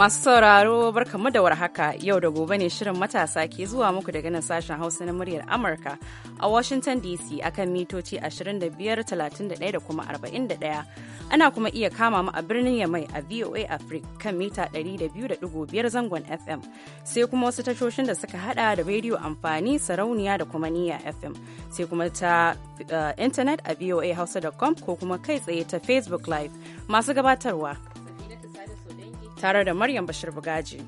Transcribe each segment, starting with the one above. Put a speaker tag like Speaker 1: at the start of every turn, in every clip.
Speaker 1: Masu sauraro barkamu da warhaka yau da gobe ne shirin matasa ke zuwa muku daga nan sashen Hausa na muryar Amurka a Washington DC akan mitoci 25, da kuma 41. Ana kuma iya kama mu a birnin Yamai a VOA Africa kan mita 200.5 zangon FM sai kuma wasu tashoshin da suka hada da rediyo amfani sarauniya da kuma niyya FM sai kuma ta eh, intanet a voahausa.com ko kuma kai tsaye ta Facebook Live masu gabatarwa. tare da Maryam Bashir Bugaji.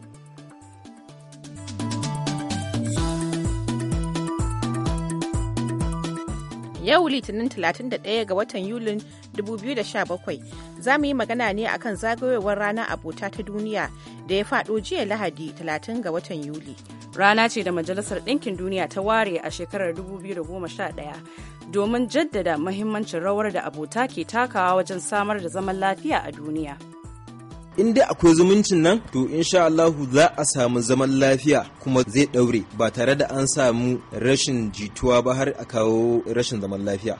Speaker 2: Yau Litinin 31 ga watan Yulin 2017 za mu yi magana ne akan zagayowar ranar abota
Speaker 1: ta duniya da ya faɗo jiya Lahadi 30 ga watan Yuli. Rana ce da Majalisar Ɗinkin Duniya ta ware a shekarar 2011 domin jaddada mahimmancin rawar da abota ke takawa wajen samar da zaman lafiya a duniya.
Speaker 3: in dai akwai zumuncin nan to insha Allahu za a samu zaman lafiya kuma zai daure ba tare da an samu rashin jituwa ba har a kawo rashin zaman lafiya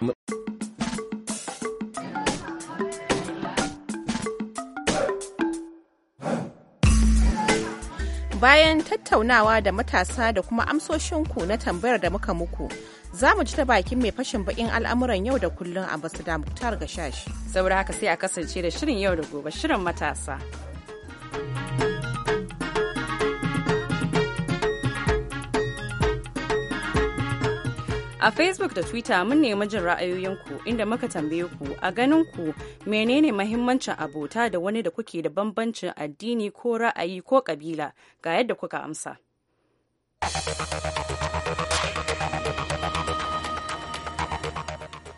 Speaker 2: bayan tattaunawa da matasa da kuma amsoshinku na tambayar da muka muku za mu ji ta bakin mai fashin bakin al'amuran yau da kullum a
Speaker 1: basu da muktar gashashi saboda haka sai a kasance da shirin yau da gobe shirin matasa A Facebook da Twitter mun nemi jin ra'ayoyinku inda muka tambaye ku a ganin ku menene mahimmancin abota da wani da kuke da bambancin addini ko ra'ayi ko kabila ga yadda kuka amsa.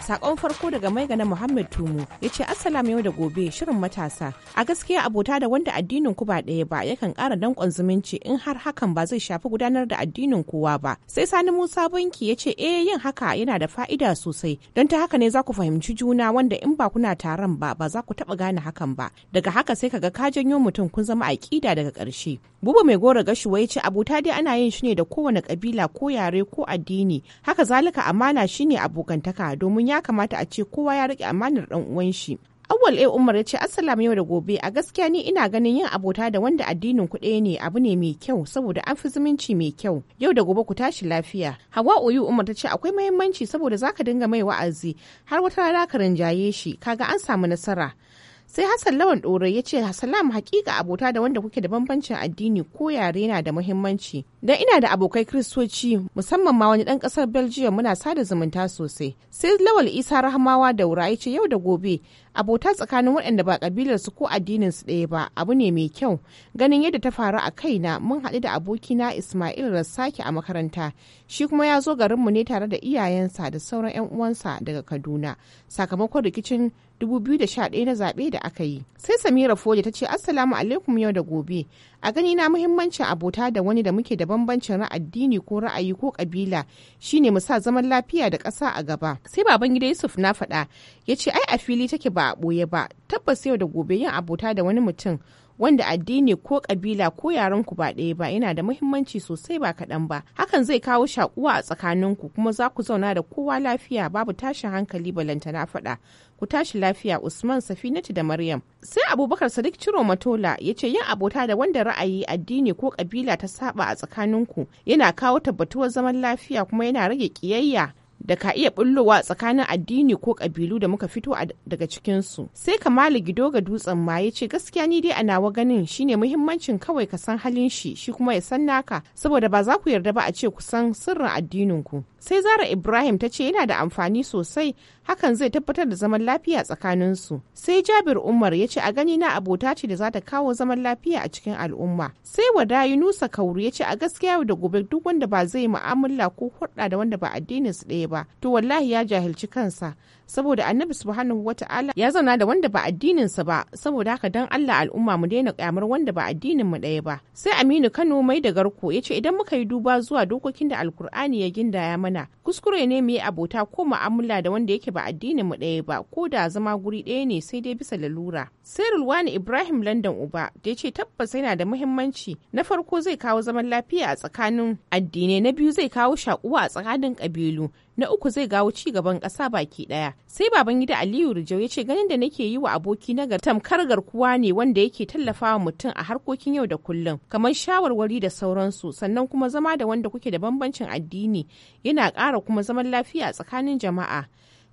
Speaker 1: sakon farko
Speaker 2: daga maigana muhammad tumu ya ce Assalamu yau da gobe shirin matasa a gaskiya abota da wanda addinin ku ba ɗaya ba yakan ƙara danƙon zumunci in har hakan ba zai shafi gudanar da addinin kowa ba sai sani musa banki ya ce eh yin haka yana da fa'ida sosai don ta haka ne za ku fahimci juna wanda in ba kuna taron ba ba za ku taɓa gane hakan ba daga haka sai kaga ka janyo mutum kun zama aƙida daga ƙarshe buba mai gora gashuwa ya ce abota dai ana yin shi ne da kowane ƙabila ko yare ko addini haka zalika amana shine abokantaka domin ya ya kamata a ce kowa ya rike amanar dan uwan shi awwal a umar ya ce Assalamu yau da gobe a gaskiya ni ina ganin yin abota da wanda addinin ku ɗaya ne abu ne mai kyau saboda an fi zumunci mai kyau yau da gobe ku tashi lafiya hawa oyu umar ta ce akwai mahimmanci saboda zaka dinga mai wa'azi har wata rana ka rinjaye shi kaga an samu nasara sai hassan lawan ɗorai ya ce salamu hakika abota da wanda kuke da bambancin addini ko yare na da muhimmanci don ina da abokai Kiristoci musamman ma wani ɗan ƙasar belgium muna sada zumunta sosai sai lawal isa rahmawa da wura ya ce yau da gobe abota tsakanin waɗanda ba ƙabilar su ko addinin su ɗaya ba abu ne mai kyau ganin yadda ta faru a kaina mun haɗu da abokina ismail rassaki a makaranta shi kuma ya zo garinmu ne tare da iyayensa da sauran 'yan uwansa daga kaduna sakamakon rikicin 2011 na zaɓe da aka yi. Sai Samira Foje ta ce Assalamu alaikum yau da gobe. A gani na muhimmancin abota da wani da muke da bambancin ra'addini ko ra'ayi ko kabila shine mu sa zaman lafiya da ƙasa a gaba. Sai baban gida Yusuf na faɗa ya ce ai a fili take ba a ɓoye ba tabbas yau da gobe yin abota da wani mutum wanda addini ko ƙabila ko yaren ku ba ɗaya ba yana da muhimmanci sosai ba kaɗan ba hakan zai kawo shakuwa a tsakaninku kuma za ku zauna da kowa lafiya babu tashin hankali balanta na faɗa ku tashi lafiya usman safinatu da maryam sai abubakar sadiq ciro matola ya ce yin abota da wanda ra'ayi addini ko ƙabila ta saba a tsakaninku yana kawo tabbatuwar zaman lafiya kuma yana rage ƙiyayya. da ka iya bullowa tsakanin addini ko kabilu da muka fito daga cikinsu sai kamala gido ga dutsen ma ya ce gaskiya ni dai a nawa ganin shine muhimmancin kawai ka san halin shi shi kuma ya san naka saboda ba za ku yarda ba a ce ku san sirrin addinin ku sai zara ibrahim ta ce yana da amfani sosai hakan zai tabbatar da zaman lafiya tsakanin su sai jabir umar ya ce a gani na abota ce da za ta kawo zaman lafiya a cikin al'umma sai wada yunusa kauru ya ce a gaskiya da gobe duk wanda ba zai mu'amala ko hulɗa da wanda ba addinin su ɗaya ba to wallahi ya jahilci kansa saboda annabi subhanahu wata'ala ya zauna da wanda ba sa ba saboda haka dan Allah al'umma mu daina kyamar wanda ba addinin mu ɗaya ba sai Aminu Kano mai da garko ya ce idan muka yi duba zuwa dokokin da Alkur'ani ya gindaya mana kuskure ne mu yi abota ko mu'amala da wanda yake ba addinin mu ɗaya ba ko da zama guri daya ne sai dai bisa lalura sai Rulwani Ibrahim London Uba da yace tabbas yana da muhimmanci na farko zai kawo zaman lafiya a tsakanin addinai na biyu zai kawo shakuwa a tsakanin ƙabilu na uku zai gawo ci gaban ƙasa baki ɗaya sai baban gida aliyu rijau ya ce ganin da nake yi wa aboki na tamkar garkuwa ne wanda yake tallafawa mutum a harkokin yau da kullum kamar shawarwari da sauransu sannan kuma zama da wanda kuke da bambancin addini yana ƙara kuma zaman lafiya tsakanin jama'a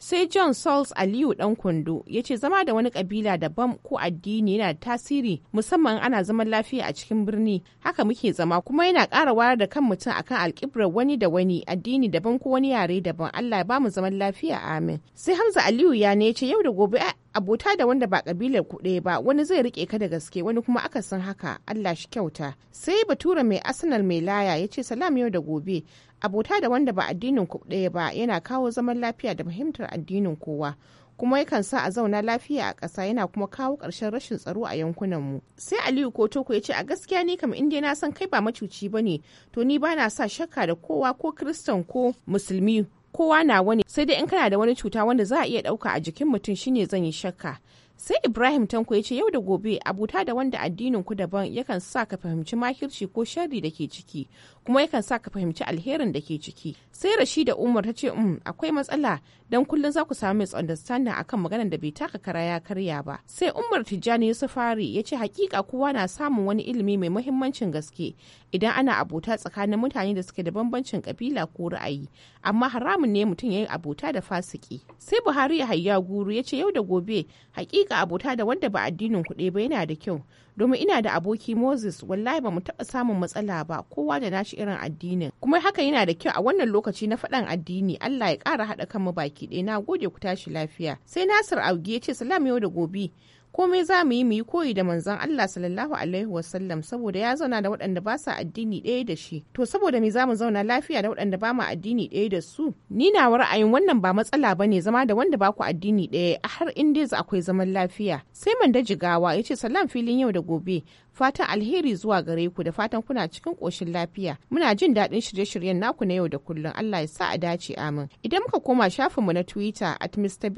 Speaker 2: sai john sauls aliyu dan kwando ya ce zama da wani kabila daban ko addini yana tasiri musamman ana zaman lafiya a cikin birni haka muke zama kuma yana ƙara wayar da kan mutum akan alkibrar wani da wani addini daban ko wani yare daban allah ya bamu zaman lafiya amin sai hamza aliyu ya ne ya ce yau da gobe abota da wanda ba kabilar ku ɗaya ba wani zai rike ka da gaske wani kuma akasin haka Allah shi kyauta sai bature mai arsenal mai laya ya ce salam yau da gobe abota da wanda ba addinin ku ɗaya ba yana kawo zaman lafiya da fahimtar addinin kowa kuma yakan sa a zauna lafiya a ƙasa yana kuma kawo ƙarshen rashin tsaro a yankunan mu sai aliyu ko toko ya ce a gaskiya ni kam inda na san kai ba macuci ba ne to ni ba na sa shakka da kowa ko kristan ko musulmi kowa na wani sai dai in kana da wani cuta wanda za a iya ɗauka a jikin mutum shine zan yi shakka sai ibrahim tanko ya ce yau da gobe abuta da wanda addinin ku daban yakan sa ka fahimci makirci ko sharri da ke ciki kuma yakan sa ka fahimci alherin da ke ciki sai rashida umar ta ce um akwai matsala don kullum za ku samu misunderstanding akan maganar da bai taka kara ya karya ba sai umar tijjani fari ya ce hakika kowa na samun wani ilimi mai mahimmancin gaske idan ana abota tsakanin mutane da suke da bambancin kabila ko ra'ayi amma haramun ne mutum ya yi abota da fasiki sai buhari ya hayya guru ya ce yau da gobe hakika abota da wanda ba addinin kuɗe ba yana da kyau domin ina da aboki moses wallahi ba mu taɓa samun matsala ba kowa da nashi nashi irin addinin kuma haka yana da kyau a wannan lokaci na faɗan addini Allah ya ƙara haɗa mu baki ɗaya na gode ku tashi lafiya sai Nasir Augie ya ce salam yau da gobe komai za mu yi mu yi koyi da manzon Allah sallallahu alaihi wasallam saboda ya zauna da waɗanda ba sa addini ɗaya da shi to saboda me za mu zauna lafiya da waɗanda ba mu addini ɗaya da su ni na ra'ayin wannan ba matsala ba ne zama da wanda ba ku addini ɗaya har in akwai zaman lafiya sai man da jigawa ya ce salam filin yau da gobe fatan alheri zuwa gare ku da fatan kuna cikin koshin lafiya. Muna jin daɗin shirye-shiryen naku na yau da kullum Allah ya sa a dace amin. Idan muka koma shafinmu na Twitter at Mr.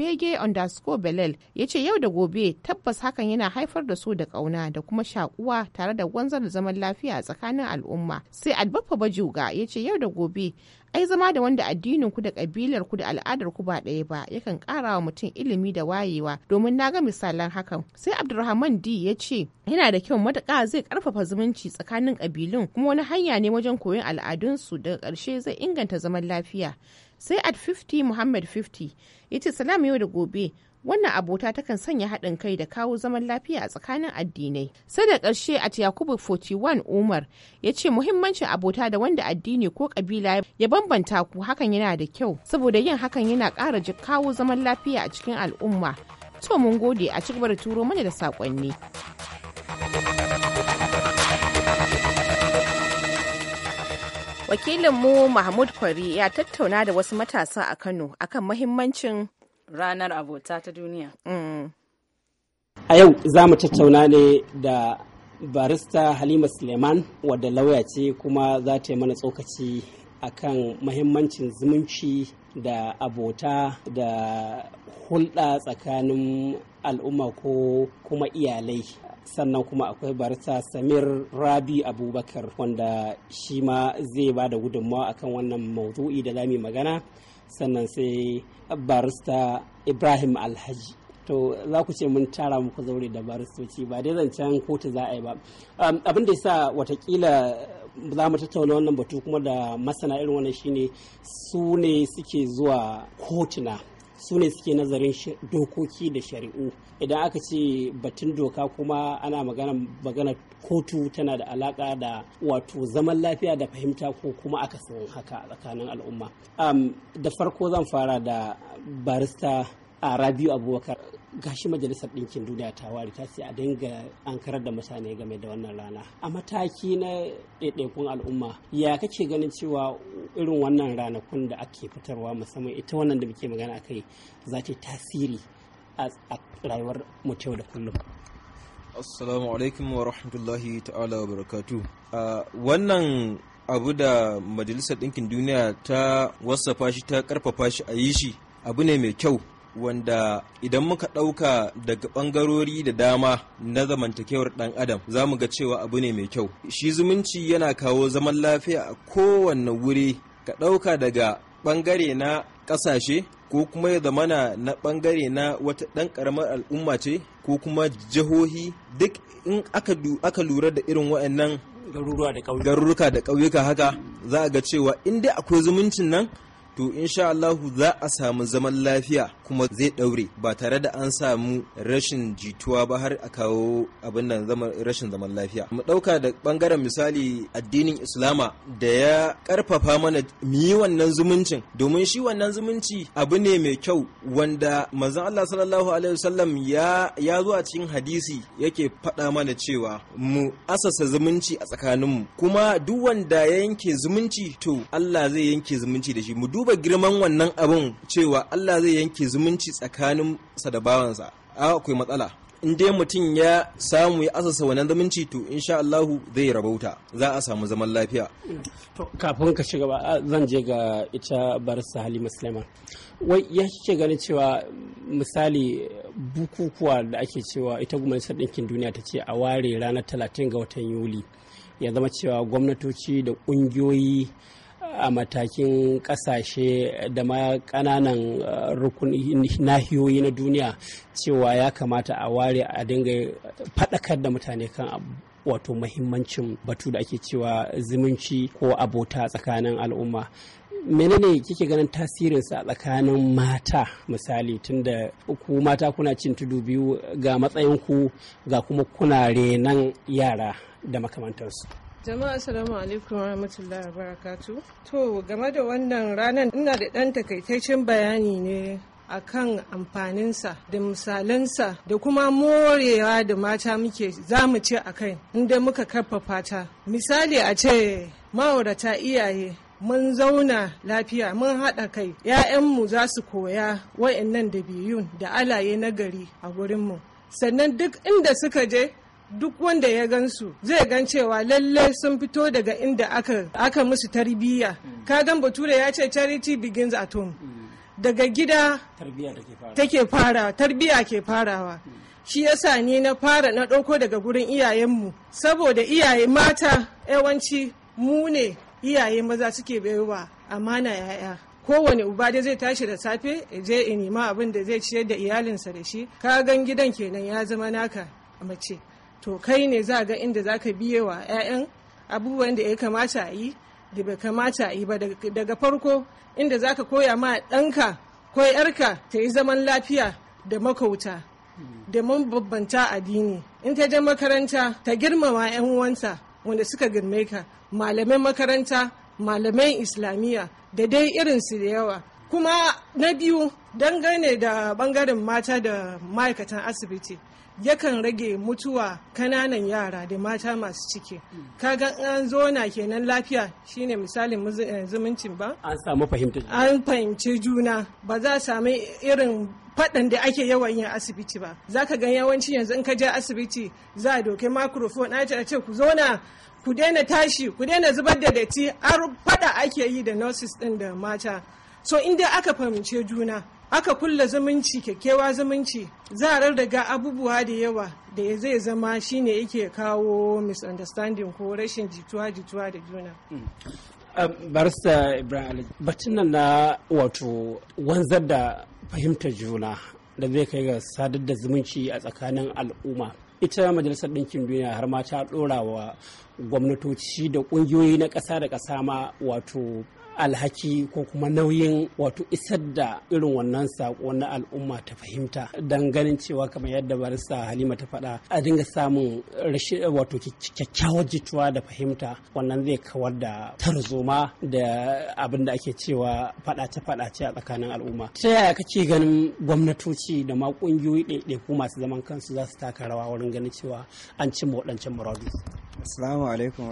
Speaker 2: underscore ya ce yau da gobe tabbas hakan yana haifar da so da ƙauna da kuma shakuwa tare da wanzar da zaman lafiya tsakanin al'umma. Sai Albaffa Bajuga ya ce yau da gobe ai zama da wanda addinin ku da kabilar ku da al'adar ku ba ɗaya ba yakan ƙara wa mutum ilimi da wayewa domin na ga misalan hakan sai abdulrahman d ya ce yana da kyau matuƙa zai ƙarfafa zumunci tsakanin ƙabilun kuma wani hanya ne wajen koyon al'adunsu daga ƙarshe zai inganta zaman lafiya sai at 50 muhammad 50 ya ce salam yau da gobe wannan abota takan sanya haɗin kai da kawo zaman lafiya a tsakanin addinai sai da ƙarshe a yakubu 41 umar ya ce muhimmancin abota da wanda addini ko ƙabila ya bambanta ku hakan yana da kyau saboda yin hakan yana ƙara kawo zaman lafiya a cikin al'umma to mun gode a cigaba da turo mana da saƙonni. Wakilin Mu mahmud kwari ya tattauna da wasu matasa a kano akan mahimmancin
Speaker 1: ranar abota ta duniya.
Speaker 4: Mm.
Speaker 5: A yau za mu tattauna ne da barista Halima Suleiman wadda lauya ce kuma za ta yi mana tsokaci akan mahimmancin zumunci da abota da hulɗa tsakanin al'umma ko kuma iyalai sannan kuma akwai barista samir rabi abubakar wanda shi ma zai ba da gudunmawa akan wannan maudu'i da lami magana sannan sai barista ibrahim alhaji to za ku ce mun tara muku zaure da baristoci ba dai zancen kotu za a yi ba um, abin da ya sa watakila za mu tattauna wannan batu kuma da masana irin wannan shine su ne suke zuwa kotuna su ne suke nazarin dokoki da shari'u idan aka ce batun doka kuma ana magana kotu tana da alaka da wato zaman lafiya da fahimta ko kuma aka san haka a tsakanin al'umma da farko zan fara da barista a rabiu abubakar gashi majalisar ɗinkin duniya ta wari ta ce a dinga an da mutane game da wannan rana a mataki na ɗaiɗaikun al'umma ya kake ganin cewa irin wannan ranakun da ake fitarwa musamman ita wannan da muke magana akai za ta tasiri a rayuwar mu yau da kullum
Speaker 3: assalamu alaikum wa rahmatullahi ta'ala wa barakatu wannan abu da majalisar ɗinkin duniya ta wasafa shi ta karfafa shi a yi shi abu ne mai kyau wanda idan muka ɗauka daga ɓangarori da dama na zamantakewar ɗan adam za mu ga cewa abu ne mai kyau shi zumunci yana kawo zaman lafiya a kowane wuri ka ɗauka daga ɓangare na ƙasashe ko kuma ya zamana na ɓangare na wata ɗan ƙaramar al'umma ce ko kuma jihohi duk in aka lura da irin wa'annan garuruka da ƙauyuka haka za a ga cewa in dai akwai zumuncin nan to insha Allahu za a samu zaman lafiya kuma zai daure ba tare da an samu rashin jituwa ba har a kawo abin nan rashin zaman lafiya mu dauka da bangaren misali addinin islama da ya karfafa mana mu yi wannan zumuncin domin shi wannan zumunci abu ne mai kyau wanda manzon Allah sallallahu alaihi wasallam ya ya zo cikin hadisi yake faɗa mana cewa mu asasa zumunci a tsakaninmu kuma duk wanda ya yanke zumunci to Allah zai yanke zumunci da shi mu duba girman wannan abun cewa Allah zai yanke zumunci zumunci sa da bawansa akwai matsala in dai mutum ya samu ya asasa wannan zumunci to insha Allah zai rabauta za a samu zaman lafiya
Speaker 5: to kafin ka shiga ba zan je ga ita barista Halima Suleiman wai ya kike ganin cewa misali bukukuwa da ake cewa ita gwamnatin ɗinkin duniya ta ce a ware ranar 30 ga watan Yuli ya zama cewa gwamnatoci da ƙungiyoyi a matakin ƙasashe da ma ƙananan eh, nahiyoyi na duniya cewa ya kamata a ware a dinga faɗakar da mutane kan wato mahimmancin batu da ake cewa zumunci ko abota tsakanin al'umma menene kike ganin tasirinsa a tsakanin mata misali tunda ku mata kuna cin tudu biyu ga matsayinku ga kuma kuna renan yara da makamantarsu
Speaker 6: Jama'a salamu alaikum wa wa barakatu. To game da wannan ranar ina da ɗan takaitaccen bayani ne a kan amfaninsa da misalansa da kuma morewa da mata muke za mu ce kai inda muka karfafa ta. Misali a ce ma'aurata iyaye mun zauna lafiya mun haɗa kai 'ya'yanmu za su koya wa'annan da biyun da alaye na gari a gurinmu sannan duk inda suka je duk wanda ya gansu zai gan cewa lalle sun fito daga inda aka, musu tarbiyya hmm. Ka gan bature ya ce charity begins at home hmm. daga gida take farawa tarbiyya ke farawa hmm. shi yasa ni na fara na ɗauko daga gurin iyayenmu saboda iyaye mata yawanci mu ne iyaye maza suke baiwa amana yaya kowane uba dai zai tashi da safe je in nima abin da zai ciyar da iyalinsa da shi ka gan gidan kenan ya zama naka mace to kai ne za ga inda za ka biye wa 'ya'yan abubuwan da ya kamata a yi da bai kamata a yi ba daga farko inda za ka koya ma ɗanka ko 'yarka ta yi zaman lafiya da makauta da mabambanta addini in ta je makaranta ta girmama 'yan uwanta wanda suka girme ka malamai makaranta malamai islamiyya da dai irinsu da yawa kuma na biyu dangane da bangaren mata da ma'aikatan asibiti yakan rage mutuwa kananan yara da mata masu ciki kaga an zona kenan lafiya shine misalin eh, zumuncin ba an samu fahimta an fahimci juna ba za a sami irin faɗan da ake yawan yin asibiti ba za ka gan yawanci yanzu in ka je asibiti za a doke microphone a ce ku zona ku daina tashi ku daina zubar da datti an faɗa ake yi da nurses ɗin da mata so inda aka fahimce juna aka kulla zumunci kyakkyawa zumunci za a daga abubuwa da yawa da zai zama shine yake kawo misunderstanding ko rashin jituwa jituwa da juna mm.
Speaker 5: uh, barista ibrahim batun na wato wanzar da fahimtar juna da zai kai ga sadar da zumunci a tsakanin al'umma ita majalisar ɗinkin duniya har ma ta ɗora wa gwamnatoci da ƙungiyoyi na ƙasa da ƙasa ma wato alhaki ko kuma nauyin wato isar da irin wannan sako na al'umma ta fahimta don ganin cewa kamar yadda barista halima ta faɗa a dinga samun wato kyakkyawar jituwa da fahimta wannan zai kawar da tarzoma da abin da ake cewa faɗace-faɗace a tsakanin al'umma ta yaya kake ganin gwamnatoci da ma ƙungiyoyi ɗaiɗaiku masu zaman kansu za su taka rawa wurin ganin cewa an cimma waɗancan muradu.
Speaker 7: Assalamu alaikum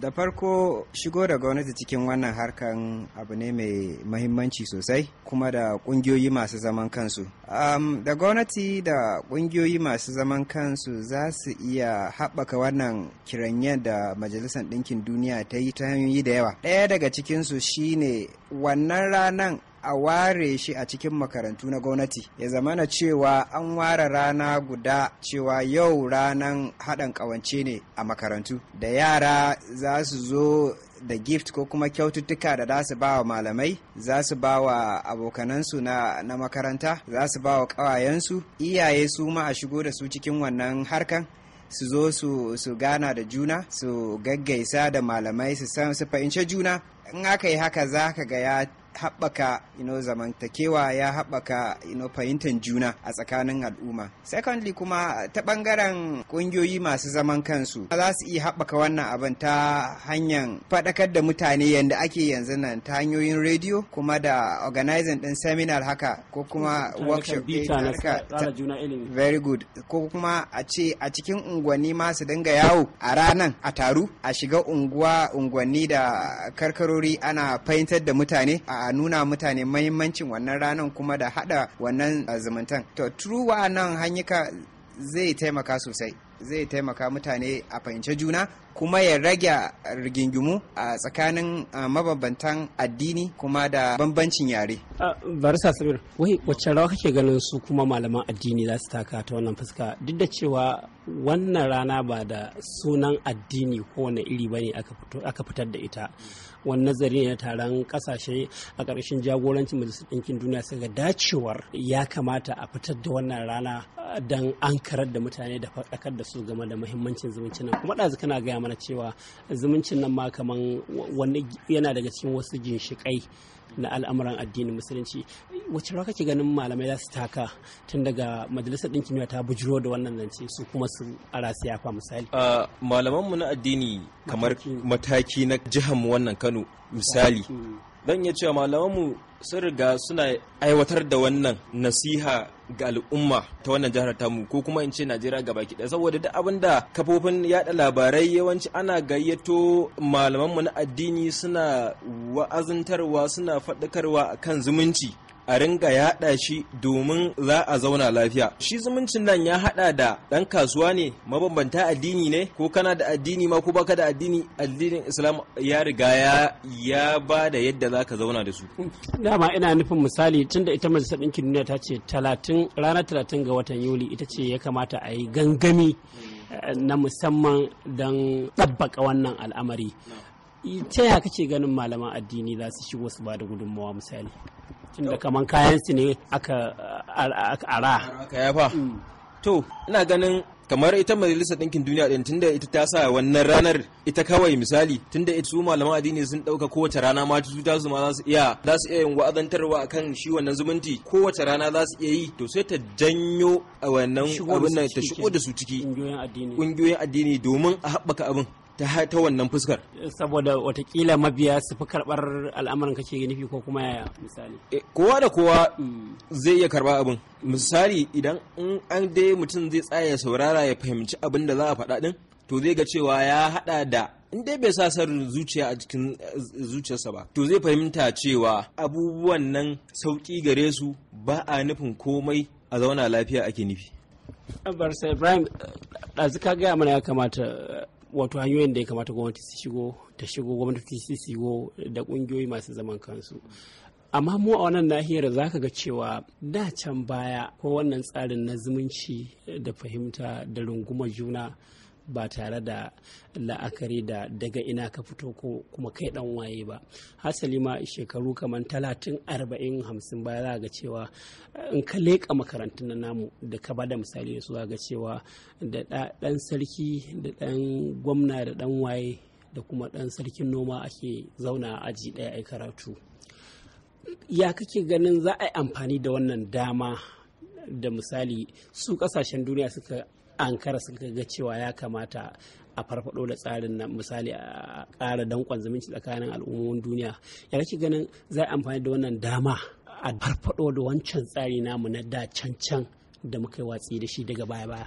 Speaker 7: Da farko shigo da gwamnati cikin wannan wannan harkan abu ne mai mahimmanci sosai kuma da kungiyoyi masu zaman kansu um, da gwamnati da kungiyoyi masu zaman kansu za su iya haɓaka wannan kiranye da majalisar ɗinkin duniya ta yi ta hanyoyi da yawa ɗaya daga cikinsu shi ne wannan ranan a ware shi a cikin makarantu na gwamnati ya zamana cewa an ware rana guda cewa yau ranan haɗin ƙawance ne a makarantu da yara za su zo da gift ko kuma kyaututtuka da za su ba wa malamai za su ba wa abokanansu na, na makaranta za su ba wa ƙawayensu iyaye su ma a shigo da su cikin wannan harkan su zo su, su gana da juna su gaggaisa da malamai su fahimci juna in aka yi haka za ka ga ya haɓaka ino zamantakewa ya haɓaka ino fahimtar juna a tsakanin al'umma secondly kuma ta ɓangaren ƙungiyoyi masu zaman kansu za su iya haɓaka wannan abin ta hanyar faɗakar da mutane yadda ake yanzu nan ta hanyoyin rediyo kuma da organizing ɗin seminar haka ko kuma workshop very good ko kuma a ce a cikin unguwanni masu dinga yawo a ranan a taru a shiga unguwa unguwanni da karkarori ana fahimtar da mutane a a nuna mutane mahimmancin wannan ranar kuma da hada wannan zumuntan to turuwa nan hanyuka zai taimaka sosai zai taimaka mutane a fahimci juna kuma ya rage rigingimu a tsakanin mabambantan addini kuma da bambancin yare.
Speaker 5: Barisa Sabir, wai wacce rawa kake ganin su kuma malaman addini za su taka ta wannan fuska duk da cewa wannan rana ba da sunan addini ko wani iri bane aka fitar da ita. wani nazari ne na taron kasashe a ƙarshen jagorancin majalisar ɗinkin duniya ga dacewar ya kamata a fitar da wannan rana eh, don an karar da mutane da faɗakar da su game da muhimmancin zumuncin nan kuma ɗazu kana gaya mana cewa zumuncin nan ma kaman wani yana daga cikin wasu ginshiƙai na al'amuran addinin musulunci wacce rawa kake ganin malamai za su taka tun daga majalisar ɗinkin duniya ta bujiro da wannan zance su kuma su ara siyafa misali
Speaker 3: malaman mu na addini kamar mataki na jihar mu wannan Kano misali Zan ya cewa malamanmu sun riga suna aiwatar da wannan nasiha ga al'umma ta wannan jihar tamu ko kuma in ce najeriya ga baki. ki saboda duk abin da kafofin yaɗa labarai yawanci ana gayyato malamanmu na addini suna wa'azintarwa, suna faɗakarwa kan zumunci a ringa yaɗa shi domin za a zauna lafiya shi zumuncin nan ya haɗa da ɗan kasuwa ne mabambanta addini ne ko kana da addini ma ko baka da addini addinin islam ya riga ya ya ba da yadda za ka zauna da su
Speaker 5: dama ina nufin misali tunda ita majalisar ɗinkin duniya ta ce talatin ranar talatin ga watan yuli ita ce ya kamata a yi gangami eh, na musamman don ɗabbaka wannan al'amari ta yaya kake ganin malaman addini za su shigo su ba da gudunmawa misali tun da kaman kayan su ne aka
Speaker 3: ara aka yafa mm. to ina ganin kamar ita majalisar ɗinkin duniya ɗin tunda ita ta sa wannan ranar ita kawai misali tunda ita su malaman addini sun ɗauka kowace rana ma su ta zuma za su iya za su iya yin wa'azantarwa akan shi wannan zumunci kowace rana za su iya yi to sai ta janyo a wannan abin ta shigo da su ciki ƙungiyoyin addini domin a haɓaka abin ta ta wannan fuskar
Speaker 5: saboda watakila mabiya su fi karbar
Speaker 3: al'amarin kake nufi ko kuma yaya misali eh, kowa da kowa zai iya karba abin misali idan an dai mutum zai tsaya ya saurara ya fahimci abin da za a faɗa din to zai ga cewa ya haɗa da in dai bai sa sarin zuciya a cikin eh, zuciyarsa ba to zai fahimta cewa abubuwan nan sauki gare su ba a nufin komai a zauna lafiya ake nufi
Speaker 5: barsa ibrahim ɗazu ka gaya mana ya kamata wato hanyoyin da ya kamata gwamnati su shigo ta shigo gwamnati su shigo da ƙungiyoyi masu zaman kansu amma mu a wannan nahiyar za ka ga cewa da can baya ko wannan tsarin na zumunci da fahimta da rungumar juna ba tare da la'akari da daga ina ka fito ko kuma kai dan waye ba hasali ma shekaru kamar talatin arba'in hamsin baya za ga cewa in ka leƙa makarantun na namu da ka bada misali da su za ga cewa da ɗan sarki da ɗan gwamna da ɗan waye da kuma ɗan sarkin noma ake zauna a aji ɗaya a karatu ya kake ganin za a yi amfani da wannan dama da misali su ƙasashen duniya suka ankara suka ga cewa ya kamata a farfado da tsarin nan misali a ƙara danƙon zumunci tsakanin al'ummomin duniya ya kake ganin zai amfani da wannan dama a farfado da wancan tsari namu na da can da muka yi watsi da shi daga baya baya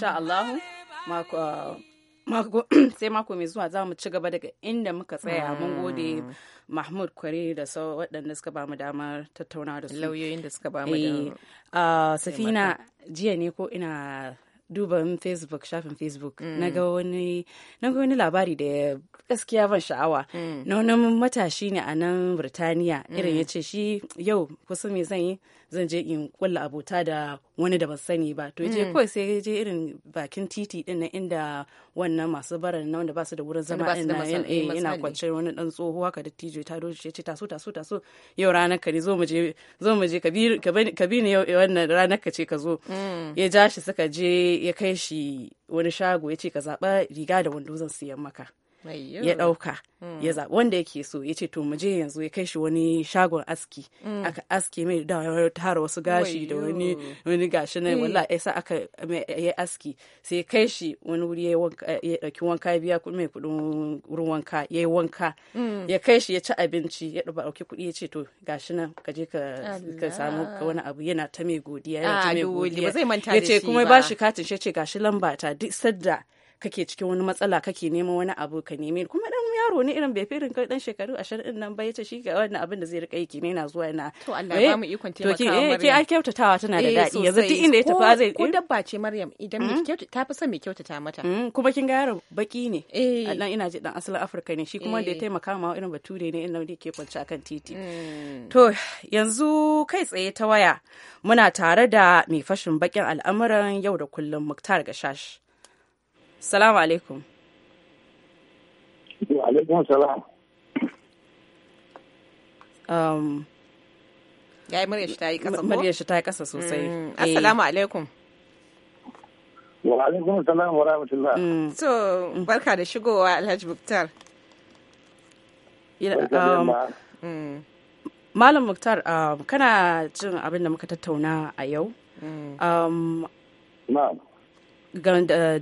Speaker 1: insha Allahu uh, sai mako mai zuwa za mu ci gaba daga inda muka tsaya mun gode mm. mahmud kwari da sau waɗanda suka ba mu damar tattauna da su lauyoyin da suka ba mu eh, damar uh, safina jiya ne ko ina duba facebook shafin facebook mm. na ga wani labari da gaskiya ban sha'awa mm. na wani matashi ne a nan birtaniya irin ya ce shi yau kusa me zan yi zan je in kulla abota da wani da ban sani ba to je mm. kawai sai je irin bakin titi din na inda wannan masu baran na wanda ba su da wurin zama eh, eh, ina na yana kwance wani dan tsoho haka da tijo ta doje ce taso taso taso yau ranar ka ne zo mu je zo mu je ka bi ka bi ne yau eh, wannan ranar ka ce ka zo mm. ya ja shi suka je ya kai shi wani shago ya ce ka zaba riga da wando zan siyan maka ya ɗauka hmm. ya zaɓi wanda yake so ya ce to mu je yanzu ya kai shi wani shagon aski hmm. aka aski mai da ya tara wasu gashi da wani wani gashi na wala ya sa aka ya aski sai ya kai shi wani wuri ya ɗauki wanka ya biya kuɗi mai kuɗin wurin wanka ya yi wanka hmm. ya kai shi ya ci abinci ya ɗauki ɗauki kuɗi ya ce to gashi nan ka je ka samu wani abu yana ta mai godiya yana ta ah, mai godiya ya ce kuma ba shi katin shi ya ce gashi lamba ta duk sadda kake cikin wani matsala kake neman wani abu ka neme kuma dan yaro ne irin bai firin kai dan shekaru 20 din nan ba yace shi ga wannan abin da zai rika ki ne na zuwa na to Allah ya eh, ba mu ikon taimakawa Maryam to ke eh, ai kyautatawa tana da eh, dadi yanzu duk inda ya tafi zai ko
Speaker 2: dabba ce Maryam idan mai hmm?
Speaker 1: kyauta ta fi son mai kyautata mata hmm, kuma kin ga yaro baki ne Allah ina ji dan asalin Afirka ne shi kuma da ya taimaka ma irin bature ne inda ke kwance akan titi hmm. to yanzu kai tsaye ta waya muna tare da mai fashin bakin al'amuran yau da kullum Muktar Gashash Salamu alaikum.
Speaker 8: Wa alaikum salam. Um,
Speaker 2: ya yi murya shi ta yi kasa ko? Murya shi ta yi kasa sosai. Mm. Eh. Assalamu alaikum.
Speaker 8: Wa alaikum salam wa rahmatullah. Mm. So, mm.
Speaker 2: barka da shigowa Alhaji Muktar. Um,
Speaker 1: Malam Muktar, um, kana jin abin da muka tattauna a yau? Um, Na'am. Eh,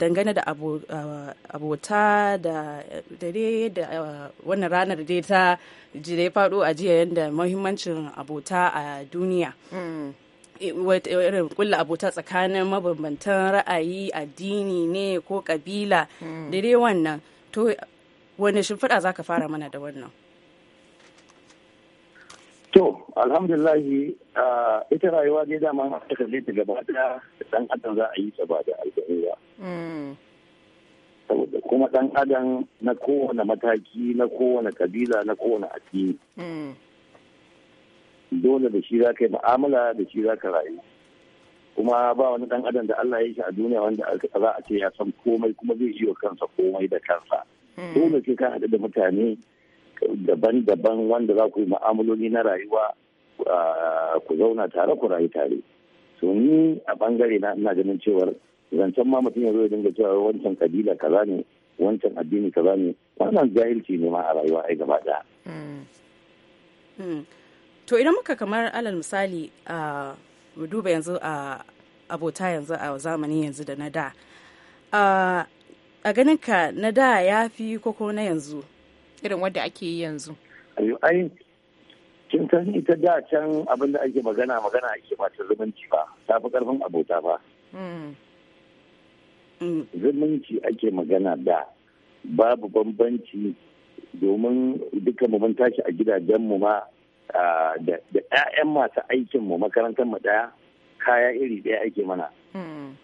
Speaker 1: dangane da eh, abota da dare da eh, wannan ranar da ta jire faɗo a jiya yadda mahimmancin abota a duniya hmm. irin kulla abota tsakanin mabambantan ra'ayi addini ne ko kabila hmm. dare wannan to wani shimfiɗa za ka fara mana da wannan
Speaker 8: To, alhamdulillahi ita rayuwa dai dama ta kalli ta gaba da ɗan adam za a yi ta ba da alƙawura. Mm. Saboda kuma ɗan adam na kowane mataki, na kowane kabila, na kowane addini. Mm. Dole da shi za ka yi ma'amala da shi za ka rayu. Kuma ba wani ɗan adam da Allah ya shi a duniya wanda za a ce ya san komai kuma zai iya kansa komai da kansa. Mm. Dole sai ka haɗu da mutane daban-daban wanda za ku yi ma'amaloli na rayuwa ku zauna tare ku rayu tare to ni a bangare na ina ganin cewar zancen ma mutum ya zo ya dinga cewa wancan kabila kaza ne wancan addini kaza ne wannan jahilci ne ma a rayuwa ai gaba da
Speaker 4: hmm. hmm.
Speaker 1: to idan muka kamar alal misali a mu duba yanzu a abota yanzu a zamani yanzu da na da a ganin ka na da ya fi koko na yanzu irin wanda ake yi yanzu
Speaker 8: ai kin san ita da can abin da ake magana magana ake ba ta zumunci ba ta fi karfin abota ba hmm. zumunci ake magana da babu bambanci domin duka mu mun tashi a mu ma da 'ya'yan masu aikin mu makarantar mu ɗaya kaya iri ɗaya ake mana hmm.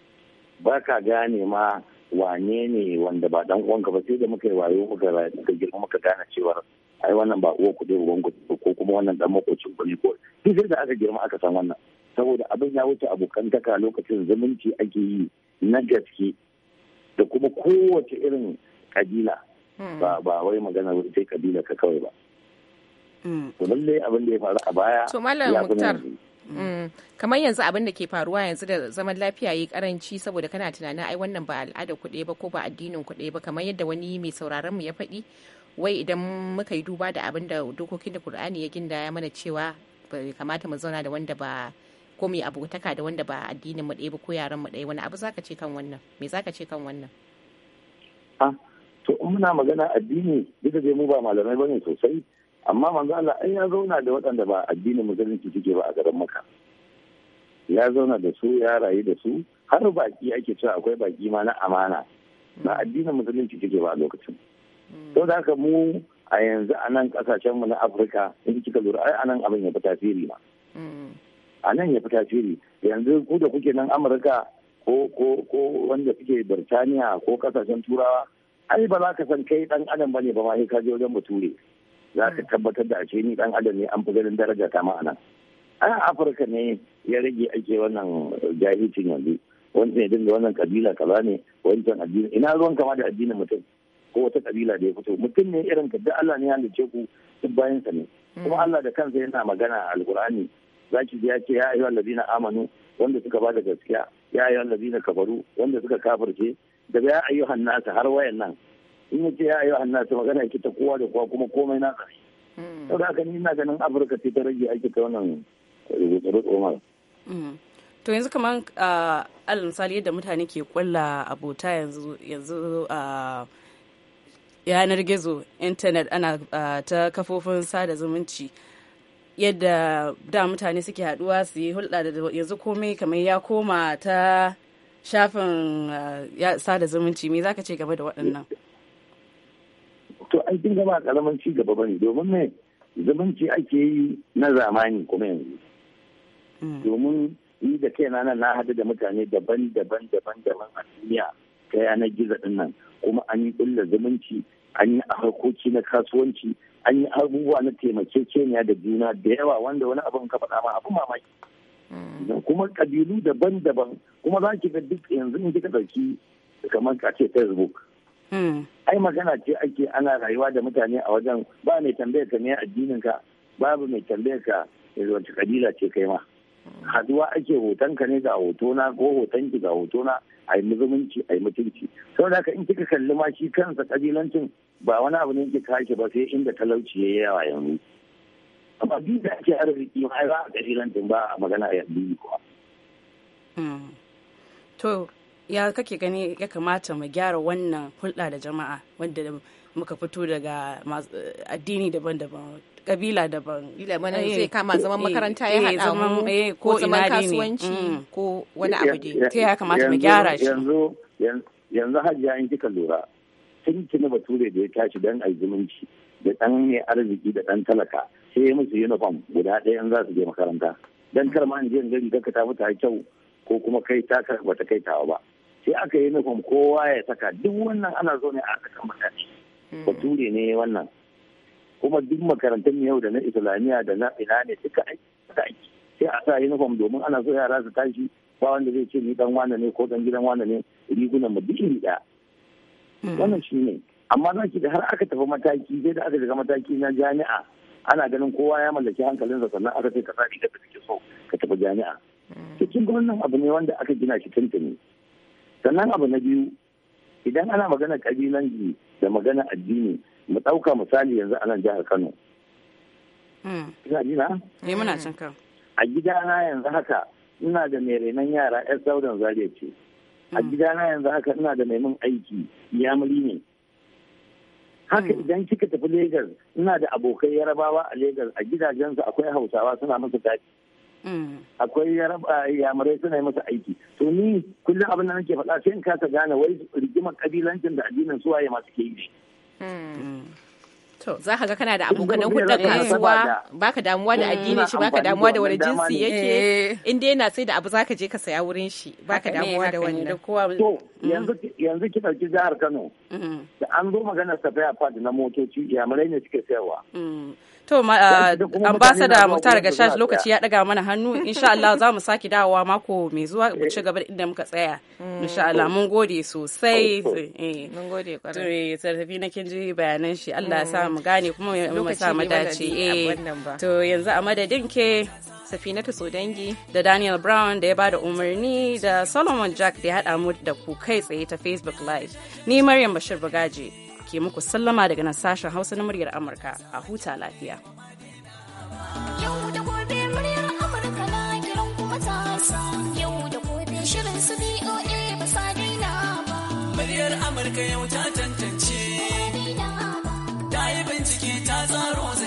Speaker 8: ba ka gane ma wane ne wanda ba dan uwanka ba sai da muka yi wayo muka ga girma muka gane cewa ai wannan ba uwa ku dai ko kuma wannan dan makocin ku ne ko duk da aka girma aka san wannan saboda abin ya wuce abokan taka lokacin zumunci ake yi na gaske da kuma kowace irin kabila hmm. ba ba wai magana sai kabila ka kawai ba hmm. to lallai abin da ya faru a baya to malam muktar
Speaker 2: Mm. kamar yanzu abin da ke faruwa yanzu da zaman lafiya yi karanci saboda kana tunanin ai wannan ba al'ada kuɗe ba ko ba addinin kuɗe ba kamar yadda wani mai sauraron mu ya faɗi wai idan muka yi duba da abin da dokokin da qur'ani ya gindaya mana cewa bai kamata mu zauna da wanda ba ko mai abotaka da wanda ba addinin mu ɗaya ba ko yaran mu ɗaya wani abu zaka ce kan wannan me zaka ce kan wannan
Speaker 8: ah, to in muna magana addini duka da mu ba malamai bane sosai amma manzo Allah an ya zauna da waɗanda ba addinin musulunci suke ba a garin maka ya zauna da su ya rayu da su har baki ake cewa akwai baki ma na amana na addinin musulunci suke ba a lokacin to da haka mu a yanzu a nan kasashen mu na Afirka in kika lura ai anan abin ya fi tasiri ma a nan ya fi tasiri yanzu ku da kuke nan Amurka ko ko ko wanda suke Birtaniya ko kasashen Turawa ai ba za ka san kai dan adam bane ba ma sai ka je wajen bature za ka tabbatar da ashe ni dan adam ne an fi ganin daraja ta ma'ana a afirka ne ya rage ake wannan jahilcin yanzu wancan ya dinga wannan kabila kaza ne wancan addini ina ruwan kama da addinin mutum ko wata kabila da ya fito mutum ne irin ka duk Allah ne ya halice ku duk bayan sa ne kuma Allah da kansa yana magana a alqur'ani zaki ji ya ce ya ayyuhal ladina amanu wanda suka ba da gaskiya ya ayyuhal ladina kafaru wanda suka kafirce daga ya ayyuhan nasa har wayan nan in ya ce ya yi wa ta magana yake ta kowa da kowa kuma komai na ƙarshe hmm. saboda haka ni ina ganin afirka ce ta rage ake ta wannan tsoro
Speaker 1: hmm. to yanzu kamar alal misali yadda mutane ke kwalla abota yanzu yanzu yanar gizo intanet ana ta kafofin sada zumunci yadda da mutane suke haduwa su yi hulɗa da yanzu komai kamar ya koma ta shafin sada zumunci me zaka ce game da waɗannan
Speaker 8: to an kin gaba karamin ci gaba bane domin me zumunci ake yi na zamani kuma yanzu mm. domin ni da kaina nan na hadu da mutane daban-daban daban-daban a duniya ta yanar gizo din nan kuma an yi kulla zumunci an yi harkoki na kasuwanci an yi abubuwa na taimakekeniya da juna da yawa wanda wani abin ka faɗa ma abin mamaki mm. kuma kabilu daban-daban kuma za ki ga duk yanzu in kika ɗauki kamar ka ce facebook Hmm. ai magana ce ake ana rayuwa da mutane a wajen ba mai tambayar ka ne addinin ka babu mai tambayar ka wace kabila ce kai ma haduwa ake hoton ka ne ga hoto na ko hoton ki ga hoto na ai muzumunci ai mutunci saboda haka in kika kalli ma shi kansa kabilancin ba wani abu ne ke kashe ba sai inda talauci ya yawa yanzu amma duk da ake arziki ma ba a kabilancin ba a magana a yanzu kuwa.
Speaker 4: Hmm.
Speaker 1: ya kake gani ya kamata mu gyara wannan hulɗa da jama'a wadda muka fito daga eh, addini daban-daban kabila daban mana zai eh, kama zaman eh, makaranta ya haɗa mu ko zaman
Speaker 2: kasuwanci mm. ko wani abu dai ta ya kamata mu gyara shi
Speaker 8: yanzu yanzu hajiya in kika lura tun tuni bature da ya tashi dan zumunci da dan ne arziki da dan talaka sai musu uniform guda ɗaya in za su je makaranta dan kar ma in je gari ka ta mata kyau ko kuma kai ta bata kai tawa ba sai aka yi nufin kowa ya saka duk wannan ana zo ne a saka mutane hmm. bature ne wannan kuma duk makarantar yau da na islamiyya da na ina ne duka aiki sai a sa uniform domin ana so yara su tashi ba wanda zai ce ni dan wane ne ko dan gidan wane ne rigunan mu duk iri daya hmm. wannan shi ne amma za ki da har aka tafi mataki sai da aka shiga mataki na jami'a ana ganin kowa ya mallaki hankalinsa sannan aka ce ka sa ni da kake so ka tafi jami'a cikin hmm. wannan abu ne wanda aka gina shi tuntuni sannan abu na biyu idan ana magana kabilanci da magana addini mu ɗauka misali yanzu a nan jihar kano hmm. eh, a gidana yanzu haka ina da mai renon yara yar saudan zaria ce a hmm. gidana yanzu haka ina da mai mun aiki yamuri ne haka hmm. idan kika tafi lagos ina da abokai yarabawa a lagos a gidajensu akwai hausawa suna musu daɗi akwai yamurai suna yi masa aiki to ni kullum abin da nake faɗa sai in kasa gane wai rigimar kabilancin da addinin su waye masu ke yi
Speaker 2: to za ka ga kana da abokanan kudin kasuwa baka damuwa da mm, addinin shi baka damuwa da wani jinsi yake eh. in dai yana sai da abu zaka je ka saya wurin shi baka damuwa da wani da
Speaker 8: kowa to yanzu mm. yanzu ki dauki jihar Kano mm. da an zo magana safaya fad na motoci yamurai ne suke sayarwa
Speaker 1: To ambasada Muktar Gashash lokaci ya daga mana hannu insha Allah za mu sake dawowa mako mai zuwa mu ci eh. gaba inda muka tsaya. Mm. Insha Allah mun gode sosai. Eh. Mun gode kwarai. Eh, sarrafi na kin ji bayanan shi Allah ya sa mm. mu gane kuma mu sa mu dace. To yanzu a madadin ke Safinatu Sodangi da Daniel Brown da ya bada umarni da Solomon Jack da ya haɗa mu da ku kai tsaye ta Facebook Live. Ni Maryam Bashir Bagaji. ke muku sallama daga nan sashen Hausa na muryar Amurka a huta lafiya.
Speaker 4: Yau da gobe muryar Amurka na kiran kuma ta yau da gobe shirin su BOA ba sa daina ba.
Speaker 6: Muryar Amurka yau ta tantance,
Speaker 4: ta yi bincike ta tsaro